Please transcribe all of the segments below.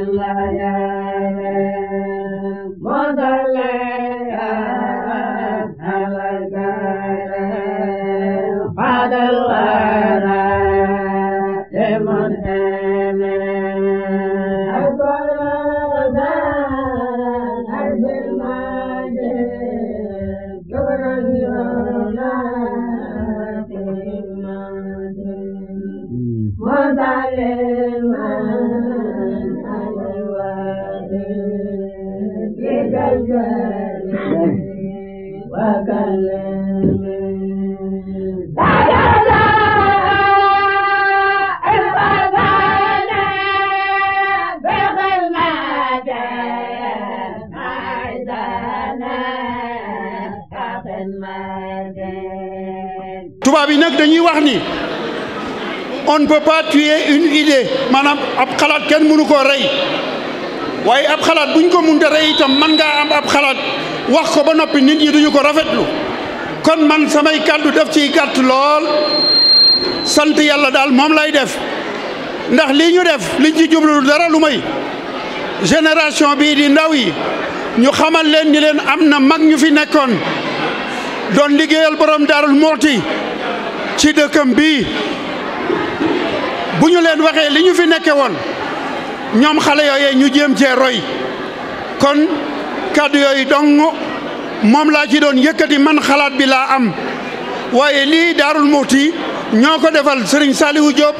Hallelujah. on ne peut pas tuer une idée maanaam ab xalaat kenn mënu koo rey waaye ab xalaat buñ ko mënta rey itam man ngaa am ab wax ko ba noppi nit ñi duñu ko rafetlu kon man samay kàddu def ciy gàtt lool sant yàlla daal moom lay def ndax lii ñu def li ci jublu dara lu may génération bii di ndaw yi ñu xamal leen ni leen am na mag ñu fi nekkoon doon liggéeyal borom daarul mooti ci dëkkam bii bu ñu leen waxee li ñu fi nekke woon ñoom xale yooyee ñu jéem cee roy kon kàddu yooyu dong moom laa ci doon yëkkati man xalaat bi laa am waaye lii daarul muuti ñoo ko defal Serigne Saliou Diop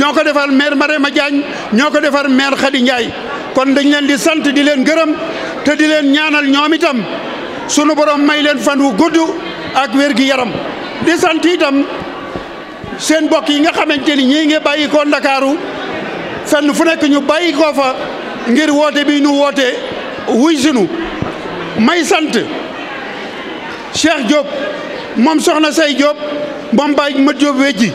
ñoo ko defal maire ma Diagne ñoo ko defal maire Khady Ndiaye kon dañ leen di sant di leen gërëm te di leen ñaanal ñoom itam sunu borom may leen fan wu gudd ak wér gi yaram di sant itam seen mbokk yi nga xamante ni ñii ngi bàyyikoo Ndakaaru san fu nekk ñu bàyyi koo fa ngir woote bi ñu woote wuy sunu may sant Cheikh Diop moom soxna say Diop moom Baye Mat Diop ji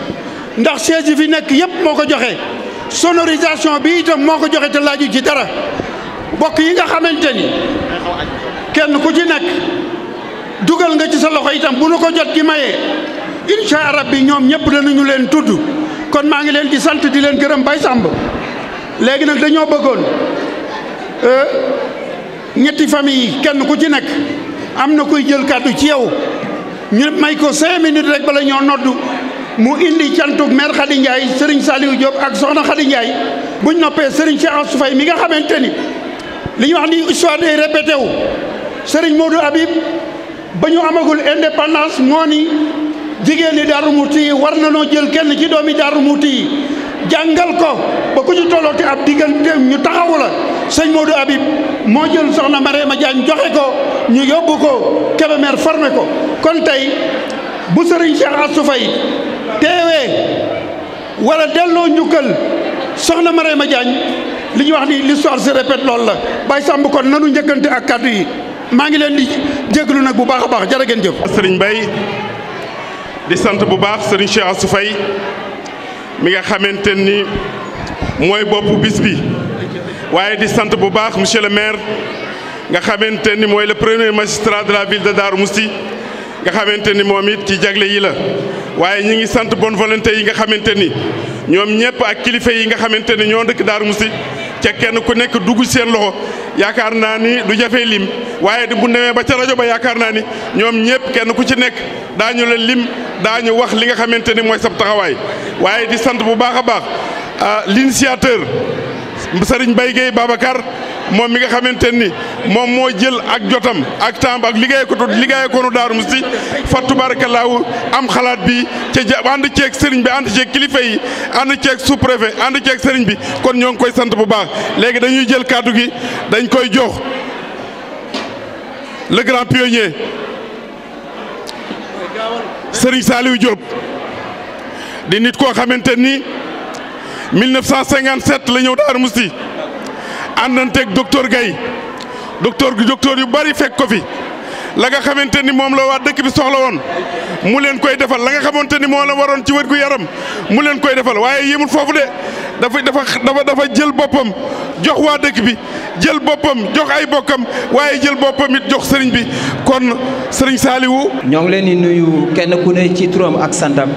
ndax chaise yi fi nekk yëpp moo ko joxe sonorisation bi itam moo ko joxe te laaju ci dara bokk yi nga xamante ni kenn ku ci nekk dugal nga ci sa loxo itam bu nu ko jot gi mayee incha allah bi ñoom ñëpp danañu leen tudd kon maa ngi leen di sant di leen gërëm Baye Samb léegi nag dañoo bëggoon euh, ñetti fami yi kenn ku ci nekk. am na kuy jël kàddu ci yow ñu may ko cinq minutes rek bala ñoo noddu mu indi cantu maire Khady Ndiaye Serigne Saliou Diop ak soxna Khady buñ noppee Serigne Cheikh Assou Faye mi nga xamante ni li ñu wax ni histoire day répété wu Serigne Modou Habib ba ñu amagul indépendance moo ni jigéen ñi Darou Mouhty war na noo jël kenn ci doomi Darou Mouhty yi jàngal ko ba ku ñu tollooti ab diggante ñu taxawu la sëñ Modou Habib moo jël soxna ma Diagne joxe ko ñu yóbbu ko Kébémer formé ko kon tey bu sëriñ Cheikh Assou Faye teewee wala delloo njukkal soxna Marema Diagne li ñu wax nii l'histoire se répète loolu la Baye Samb kon nanu njëkkante ak kàddu yi maa ngi leen di jéglu nag bu baax a baax jërë ngeen jëf. sëriñ Mbaye di sant bu baax sëriñ Cheikh Assou Faye mi nga xamante ni mooy bopp bis bi. waaye di sant bu baax monsieur le maire nga xamante ni mooy le premier magistrat de la ville de Darou Mousty nga xamante ni moom it ci jagle yi la waaye ñi ngi sant bonne volonté yi nga xamante ni ñoom ñëpp ak kilifa yi nga xamante ni ñoo dëkk daar Mousty ca kenn ku nekk dugg seen loxo yaakaar naa ni du jafe lim waaye bu demee ba ca rajo ba yaakaar naa ni ñoom ñëpp kenn ku ci nekk daañu la lim daañu wax li nga xamante ni mooy sab taxawaay waaye di sant bu baax a baax ah, l'initiateur sëriñ Mbaye Guèye Babacar moom mi nga xamante ni moom moo jël ak jotam ak temps ak liggéey ko tut liggéey ko nu Daaru Musti fa tubarakallaahu am xalaat bi ca ja ànd ceeg sëriñ bi ànd ceeg kilifa yi ànd ceeg sous préfet ànd ceeg sëriñ bi kon ñoo ngi koy sant bu baax léegi dañuy jël kàddu gi dañ koy jox le grand sëriñ Saliou Diop di nit koo xamante ni. 1957 la ñëw Daaru Musti àndanteeg docteur gay, docteur docteur yu bari fekk ko fi la nga xamante ni moom la waa dëkk bi soxla woon mu leen koy defal la nga xamante ni la waroon ci wér yaram mu leen koy defal waaye yemul foofu de dafa dafa dafa jël boppam jox waa dëkk bi jël boppam jox ay bokkam waaye jël boppam it jox sëriñ bi kon sëriñ Saaliwu ñoo ngi leen di nuyu kenn ku ne ci turam ak santam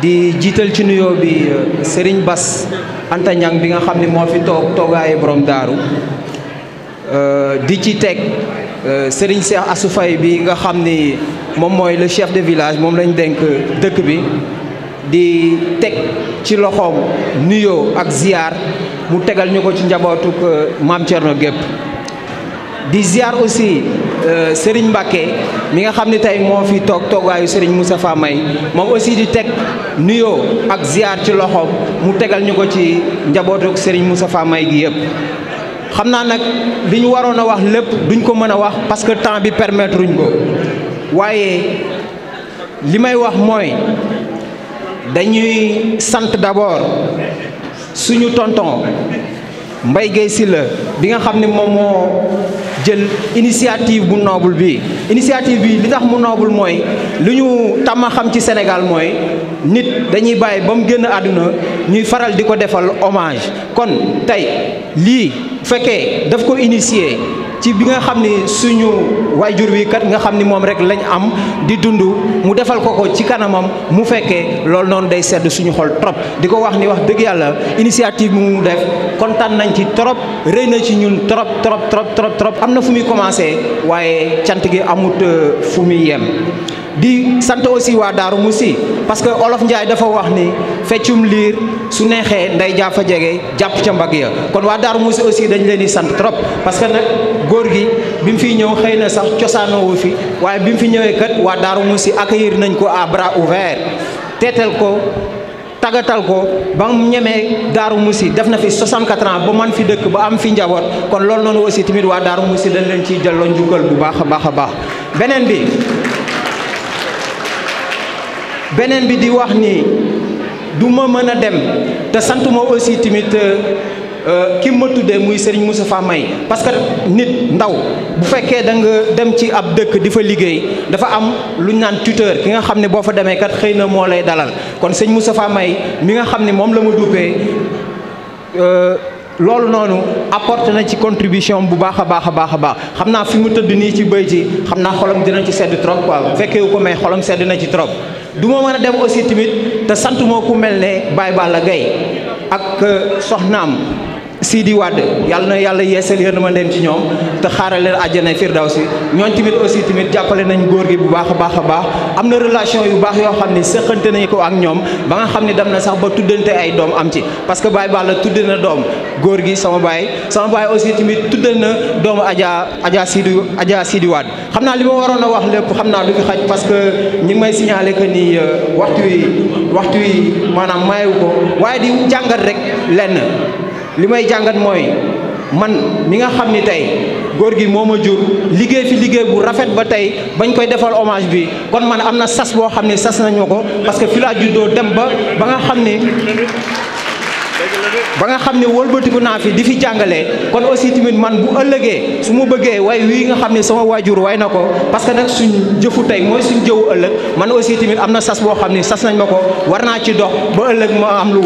di jiital ci nuyoo bi euh, Serigne bas antanan bi nga xam ni moo fi toog toogaayu borom daaru euh, di ci teg euh, Serigne Cheikh Assou Faye bi nga xam ni moom mooy le chef de village moom lañu denk dëkk bi di teg ci loxoom nuyoo ak ziar mu tegal ñu ko ci njabootuk Maam Thierno gépp di ziar aussi euh, Serigne Mbacké mi nga xam ne tey moo fi toog toogaayu Serigne Moustapha May moom aussi di tek nuyoo ak ziar ci loxoom mu tegal ñu ko ci njabootuk Serigne Moustapha May gi yëpp xam naa nag li wax lépp duñ ko mën wax parce que temps bi permettre uñ ko waaye li wax mooy dañuy sant d'abord suñu tonton Mbaye Guèye Sylla bi nga xam ne mo jël initiative bu noble bi initiative bi li tax mu noble mooy li ñu tàmm xam ci Sénégal mooy nit dañuy bàyyi ba mu génn àdduna ñuy faral di ko defal hommage kon tey lii fekkee daf ko initier ci bi nga xam ni suñu waajur wii kat nga xam ni moom rek lañu am di dund mu defal ko ko ci kanamam mu fekkee loolu noonu day sedd suñu xol trop di ko wax ni wax dëgg yàlla initiative bi mu def kontaan nañ ci trop rëy na ci ñun trop trop trop trop trop am na fu muy commencé waaye cant gi amut euh, fu muy yem. di Santo aussi wa daru musi parce que olof njaay dafa wax ni feccum liir su neexee nday jaafa jege ya kon wa daru musi aussi dañ leen di sant trop parce que nag góor gi bi mu fiy ñëw xëy na sax fi waaye bi fi ñëwee kat waa daaru musi accueillir nañ ko à bras ouvert teetal ko tagatal ko musi def na fi 64 ans ba man fi dëkk ba am fi kon loolu noonu aussi tamit waa daaru musi dañ leen ciy jëlloo njukkal bu baax a baax bi beneen bi di wax ni du ma mën a dem te santuma aussi tamit euh, ki ma tuddee muy Serigne Moustapha May parce que nit ndaw bu fekkee da nga dem ci ab dëkk di liggéey dafa am luna ñu naan tuteur ki nga xam ne boo fa demee kat xëy na lay dalal kon May mi nga xam ne moom la ma duppee euh, loolu noonu apporte na ci contribution bu haba haba haba, a baax a baax xam naa fi mu tëdd nii ci bëy ci xam xolam dina ci sedd trop quoi bu ko may xolam sedd na ci trop. du ma mën a dem aussi tamit te santuma ku mel ne Baye Balla Gaye ak euh, soxnaam Sidi Wade yàlla na yàlla yeesal yërmandeem ci ñoom te xaaral leen àjjana firdawsi ñooñ tamit aussi tamit jàppale nañ góor gi bu baax a baax a baax am na relation yu baax yoo xam ne sëqante nañ ko ak ñoom ba nga xam ne dem na sax ba tuddante ay doom am ci parce que Baye Balla tudde na doom góor gi sama baay sama baay aussi tamit tuddal na doomu Adja Adja Sidi Adja Sidi xam naa li ma waroon a wax lépp xam naa du fi xaj parce que ñi ngi may signaler que ni euh, waxtu wi waxtu wi maanaam mayewu ko waaye di jàngat rek lenn li may jàngat mooy man mi nga xam ni tey góor gi moo ma jur liggéey fi liggéey bu rafet ba tey bañ koy defal hommage bi kon man am na sas boo xam ne sas nañu ko parce que fi laa dem ba ba nga xam ni ba nga xam ne wëlbatiku naa fi di fi jàngale kon aussi tamit man bu ëllëgee su ma bëggee way wii nga xam ne sama waajur way na ko parce que nag suñu jëfu tey mooy suñ jëwu ëllëg man aussi tamit am na sas boo xam ne sas nañ ma ko war naa ci dox ba ëllëg ma am lu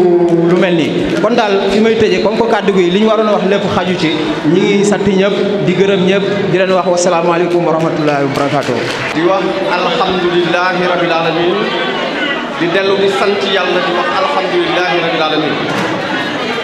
lu mel nii kon daal fi may tëjee comme que kàddu gi li ñu waroon wax lépp xaju ci ñi ngi sant ñëpp di gërëm ñëpp di leen wax wasalaamaaleykum wa rahmatullahi wa barakatuh di wax alhamdulilahi rabil alamin di dellu di di wax alhamdulilahi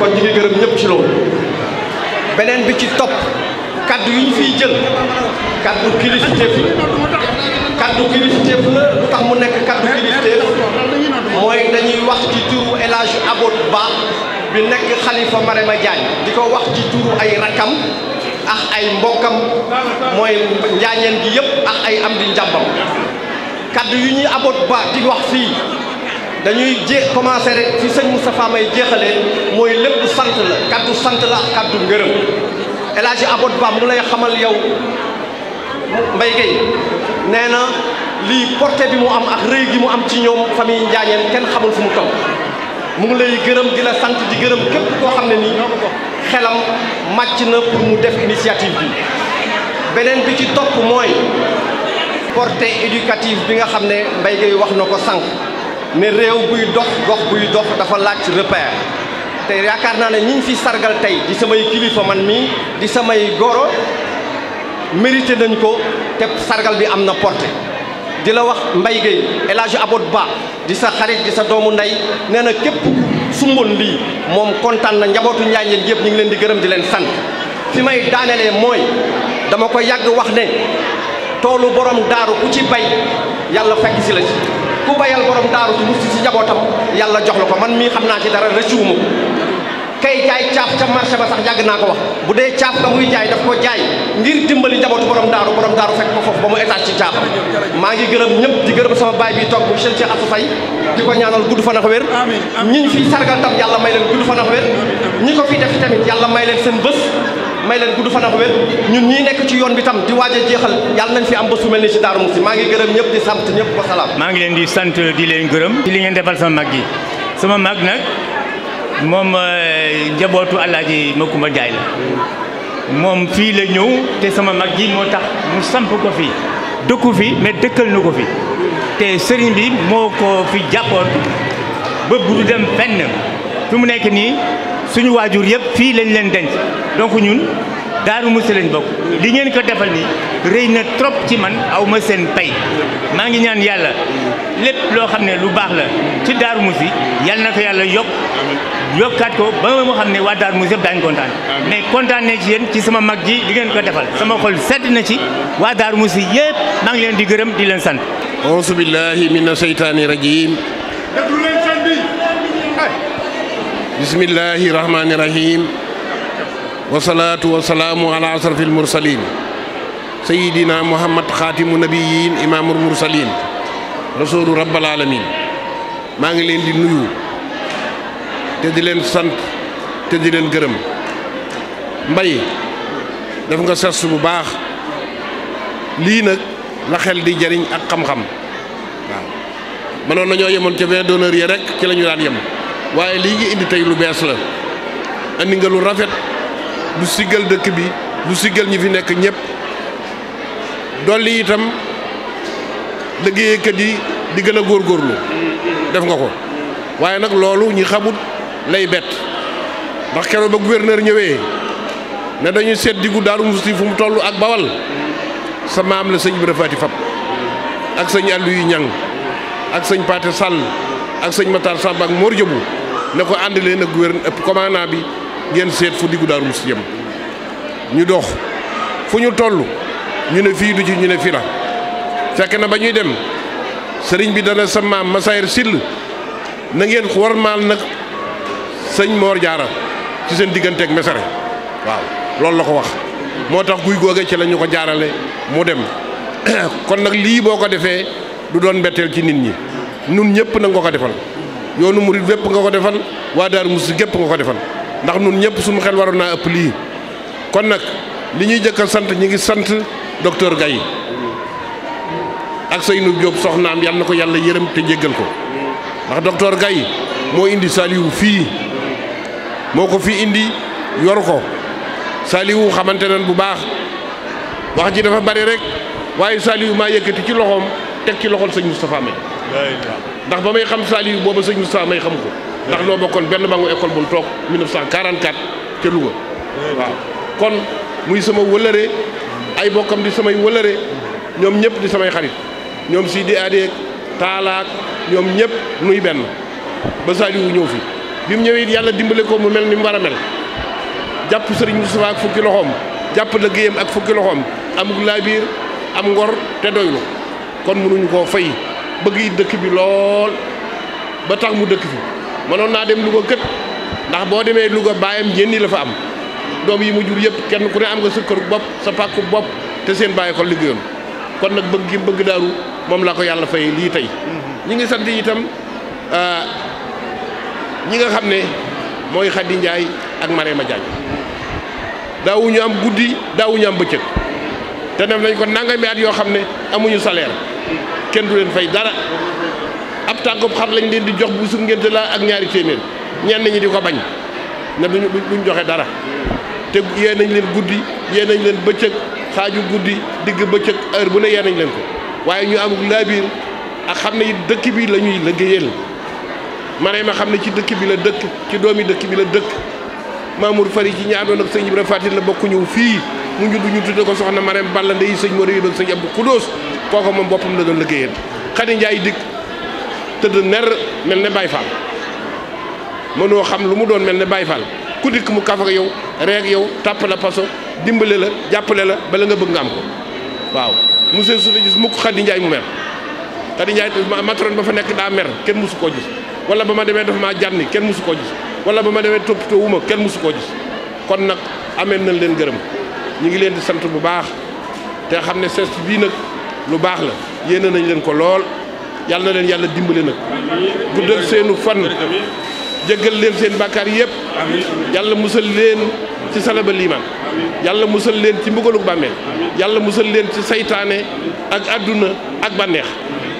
kon ñu ngi gërëm ñëpp ci loolu beneen bi ci topp kaddu yi ñu fiy jël kaddu kilifteef lu tax mu nekk kaddu kilifteef mooy dañuy wax ci turu El Hadj Abod Ba bi nekk xalifa Marema Diagne di ko wax ci turu ay rakam ak ay mbokkam mooy njaañeen gi yëpp ak ay am di njàmbam kaddu yu ñuy Abod Ba di wax fii dañuy jé commencé rek ci sëñ Moustapha may jeexalee mooy lépp sant la kaddu sant la ak kaddu ngërëm El Hadj Abod Ba mu lay xamal yow Mbaye Gueye nee na lii porté bi mu am ak rëy gi mu am ci ñoom famille Njaañeen kenn xamul fu mu toll mu ngi lay gërëm di la sant di gërëm képp koo xam ne nii xelam màcc na pour mu def initiative bi beneen bi ci topp mooy portée éducative bi nga xam ne Mbaye Gueye wax na ko sànq. ne réew buy dox gox buy dox dafa laaj repère te yaakaar naa ne ñi ñu fi sargal tey di samay kilifa man mii di samay goro mérité nañ ko te sargal bi am na porté di la wax Mbaye Gueye El Hadj Abod Ba di sa xarit di sa doomu ndey nee na képp sumboon lii moom kontaan na njabootu Njaajeen yëpp ñu ngi leen di gërëm di leen sant fi may daanelee mooy dama ko yàgg wax ne toolu borom daaru ku ci bay yàlla fekk si la ku bayal borom daaru ci musti ci njabootam yàlla jox la ko man mii xam naa ci dara rëccuwuma kay jaay caaf ca marché ba sax yàgg naa ko wax bu dee caaf la muy jaay daf ko jaay ngir dimbali njabootu borom daaru borom daaru fekk ko foofu ba mu étage ci caaf maa ngi gërëm ñëpp di gërëm sama baay bi toog bu seen Cheikh Assou Faye di ko ñaanal gudd fan ak wér ñi ñu fiy sargal ko fi def tamit yàlla may leen seen bés may leen gudd fan wér ñun ñii nekk ci yoon bi tam di waaj a yàlla nañ fi am bés mel ni si Daaru Muxti maa ngi gërëm ñëpp di sant ñëpp wasalaam maa moom eh, njabootu alaaji Makumba Njaay la moom fii la ñëw te sama mag ji moo tax mu samp ko fi dëkku fi mais dëkkal na ko fi te sëriñ bi moo ko fi jàppoon ba bu du dem fenn fi mu nekk nii suñu waajur yëpp fii lañ leen denc donc ñun daaru musi lañ bokk li ngeen ko defal nii rëy trop ci man aw ma pay maa ngi ñaan yàlla lépp lo xamne lu bax la ci daru musi yalla na ko yàlla yokk yokkaat ko ba mo xamne wa daru musi dañ yëpp daañu mais kontaan ci yéen ci sama mag gi di ngeen ko defal sama xol sedd na ci wa daru musi yeb ma ngi len di gërëm di len sant a'udhu billahi minash seytaani rajim déglu leen seen bi bismillahi rahmani rahim wasalaatu wasalaamu ala asrafil mursalin sayidina muhammad xaatimu nabiyin imaamul mursalin rasoolu rabbal alamin maa ngi leen di nuyu te di leen sant te di leen gërëm mbay def nga sas bu baax lii nag la xel di jariñ ak xam-xam waaw mënoon nañoo yemoon ca vingt donneurs yi rek ci lañu ñu daan yem waaye lii ngi indi tey lu bees la indi nga lu rafet lu siggal dëkk bi lu siggal ñi fi nekk ñépp dolli itam liggéeykat yi di gën a góorgóorlu def nga ko waaye nag loolu ñi xamut lay bett ndax keroog ba gouverneur ñëwee ne dañuy seet diggu Daaru Musti fu mu toll ak Bawal sa maam la sëñ Ibra Faati Fap ak sëñ Aliou Ñang ak sëñ Paate Sall ak sëñ Matar Samba ak Mor Jëbu ne ko ànd leen gouverneur commandant bi ngeen seet fu diggu Daaru Musti jëm ñu dox fu ñu toll ñu ne fii du ci ñu ne fii la fekk na ba ñuy dem sëriñ bi dana sa maam Massayer Sill na ngeen warmaal nag sëñ moor Diarra ci seen digganteek Mesere waaw loolu la ko wax moo tax guy googe ci la ñu ko jaarale mu dem kon nag lii boo ko defee du doon mbetteel ci nit ñi nun ñëpp na nga ko defal yoonu murit wépp nga ko defal waa Daaru Musti gépp nga ko defal ndax nun ñëpp sumu xel waroon naa ëpp lii kon nag li ñuy jëkk a sant ñi ngi sant docteur gay ak Seynou Diop soxnaam yal na ko yàlla yërëm te jéggal ko ndax docteur Gaye moo indi Saliou fii moo ko fi indi yor ko Saliou xamante nan bu baax wax ji dafa bari rek waaye Saliou maa yëkkati ci loxoom teg ci loxol sëñ Moustapha May ndax ba may xam Saliou booba sëñ Moustapha May xam ko ndax noo bokkoon benn bangu école bu nu toog 1944 ca Louga waaw kon muy sama wëlëre ay bokkam di samay wëlëre ñoom ñëpp di samay xarit ñoom di Adeeg taalaak ñoom ñëpp nuy benn ba Saliou ñëw fi bi mu ñëwee it yàlla dimbale ko mu mel ni mu war a mel jàpp Serigne Moustapha ak fukki loxoom jàpp liggéeyam ak fukki loxoom amul laabiir am ngor te doylu kon mënuñu koo fay bëgg yi dëkk bi lool ba tax mu dëkk fi mënoon naa dem Louga kët ndax boo demee Louga baayam jenni la fa am doom yi mu jur yëpp kenn ku ne am nga sa kër bopp sa pàkku bopp te seen bàyyi ko liggéeyoon kon nag bëgg bëgg daaru moom laa ko yàlla fay lii tey ñi ngi sant itam euh, ñi nga xam ne mooy xaddi njaay ak ma Diagne daawuñu am guddi daawuñu am bëccëg te def nañ ko nangami at yoo xam ne amuñu saleer kenn du leen fay dara ab tàggub xar lañ leen di jox bu su ngénte la ak ñaari téeméer ñenn ñi di ko bañ ne duñu duñ joxe dara te yee nañ leen guddi yee nañ leen bëccëg xaaju guddi digg bëccëg heure bu ne yee nañ leen ko waaye ñu amul laabiir ak xam ne dëkk bi la ñuy liggéeyal Marème xam ne ci dëkk bi la dëkk ci doomi dëkk bi la dëkk Mamour Fari ci ñaadoon ak sëñ Ibra Fatil la bokk ñëw fii mu ñu ñu tudde ko soxna Marème Balla Ndeye sëñ Mor yi doon sëñ Abdou Khoudoos kooku moom boppam la doon liggéeyal Khady Ndiaye dikk tëdd ner mel ne Baye Fall mënoo xam lu mu doon mel ne Baye ku dikk mu kaf ak yow reeg yow tàpp la paso dimbale la jàppale la bala nga bëgg nga monsieur su gis mukk Khady Ndiaye mu mer Khady Ndiaye matron ba fa nekk daa mer kenn musu koo gis wala ba ma demee dafa maa jànni kenn musu koo gis wala ba ma demee toppatoo wu ma kenn musu koo gis kon nag amee nañ leen gërëm ñu ngi leen di sant bu baax te xam ne CESP bii nag lu baax la yéene nañ leen ko lool yàlla na leen yàlla dimbale nag guddal seenu fan jéggal leen seen bàkkaar yëpp yàlla musal leen ci salaba liimaan yàlla musal leen ci mbugaluk bàmmeel yàlla musal leen ci saytaane ak àdduna ak bànneex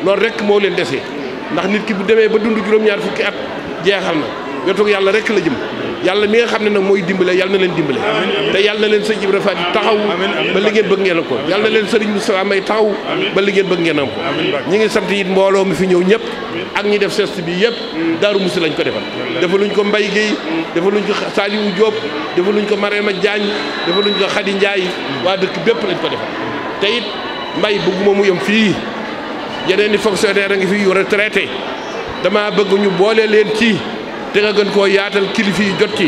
loolu rek moo leen dese ndax nit ki bu demee ba dund juróom-ñaar fukki at jeexal na wetug yàlla rek la jëm yàlla mi nga xam ne nag mooy dimbale yàlla na leen dimbale te yàlla na leen sëñ Ibra Faati taxaw ba li ngeen bëgg ngeen am ko yàlla na leen sëriñ Moustapha may taxaw ba li ngeen bëgg ngeen ko ñi ngi sant it mbooloo mi fi ñëw ñëpp ak ñu def geste bi yëpp mm. Daaru Musi lañ ko defal dafa luñ ko Mbay Géy mm. dafa luñ ko Saliou Diop dafa luñ ko Marema Diagne dafa luñ ko Khady Ndiaye mm. waa dëkk bépp lañ ko defal te it mbay bëgguma mu yom fii jeneen i fonctionnaire a ngi fi yu retraité dama bëgg ñu boole leen ci te nga gën koo yaatal kilifa yi jot ci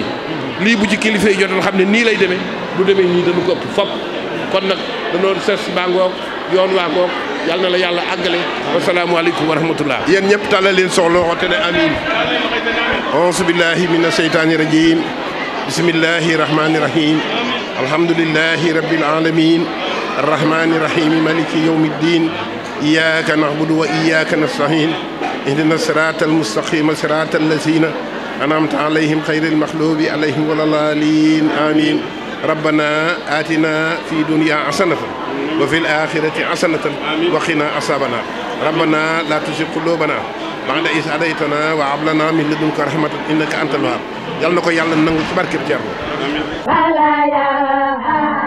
lii bu ci kilifa yi jotoon xam ne nii lay demee du demee nii dañu ko ëpp fop kon nag danoo ses baa ngoog yoon waa ngoog yàlla na la yàlla àggale wasalaamualeykum wa rahmatullah yéen ñëpp tàllal leen soxla waxte ne amin auzu billahi mina sheytaani rajim bismillahi rahmani rahim alhamdulillahi rabbil alamin arrahmani rahim maliki yawmi ddin iyyaka na'budu wa iyyaka nasta'in ihdina siratal mustaqima siratal lazina أنعمت عليهم خير المخلوب عليهم ولا الضالين آمين ربنا آتنا في دنيا حسنة وفي الآخرة حسنة وقنا أصابنا ربنا لا تزغ قلوبنا بعد إذ هديتنا وهب لنا من لدنك رحمة إنك أنت الوهاب yàlla na ko yàlla nangu ci barkeb Ceerno